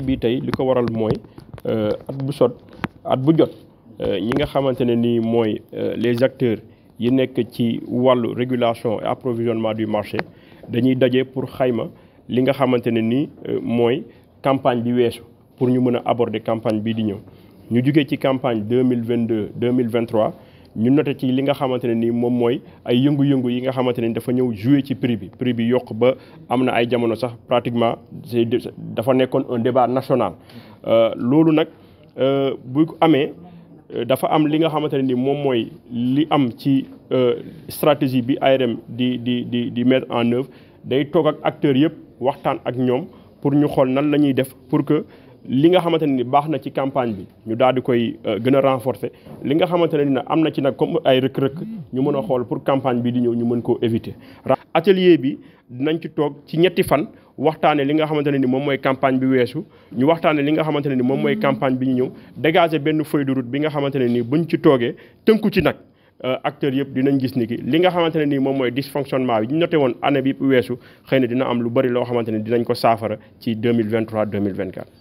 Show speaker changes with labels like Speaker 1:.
Speaker 1: bi tey li ko waral mooy euh, at bu sot at bu jot euh, ñi nga xamante ne nii mooy euh, les acteurs yi nekk ci wàllu régulation et approvisionnement du marché dañuy daje pour xayma li nga xamante ne nii mooy campagne bi weesu pour ñu mën a aborder campagne bii di ñëw ñu jugee ci campagne deux mille vingt deux deux mille vingt trois ñu noté ci li nga xamante ne ni moom mooy ay yëngu-yëngu yi nga xamante ne ni dafa ñëw joué ci prix bi prix bi yokk ba am na ay jamono sax pratiquement c'est dafa nekkoon un débat national euh, loolu nag euh, bu amee euh, dafa am li nga xamante ne ni moom mooy li am ci stratégie bi ARM di di di di mettre en neuve day toog ak acteurs yëpp waxtaan ak ñoom pour ñu xool nan la ñuy def pour que li nga xamante ne ni baax na ci campagne bi ñu daal di koy euh, gën a li nga xamante ne ni am na ci nag comme ay rëkk-rëkk ñu mën a xool pour campagne bi di ñëw ñu mën koo éviter. atelier bi dinañ ci toog ci ñetti fan waxtaanee li nga xamante ne moom mooy campagne bi weesu ñu li nga xamante ni moom mooy campagne bi ñu ñëw dégager benn feuille de route bi nga xamante ne ni buñ ci toogee tënku ci nag. Euh, acteurs yëpp dinañ gis ni ki li nga xamante ne nii moom mooy dysfonctionnement bi ñu noté woon année bi weesu xëy na dina loo xamante ne dinañ ko saafara ci 2023 2024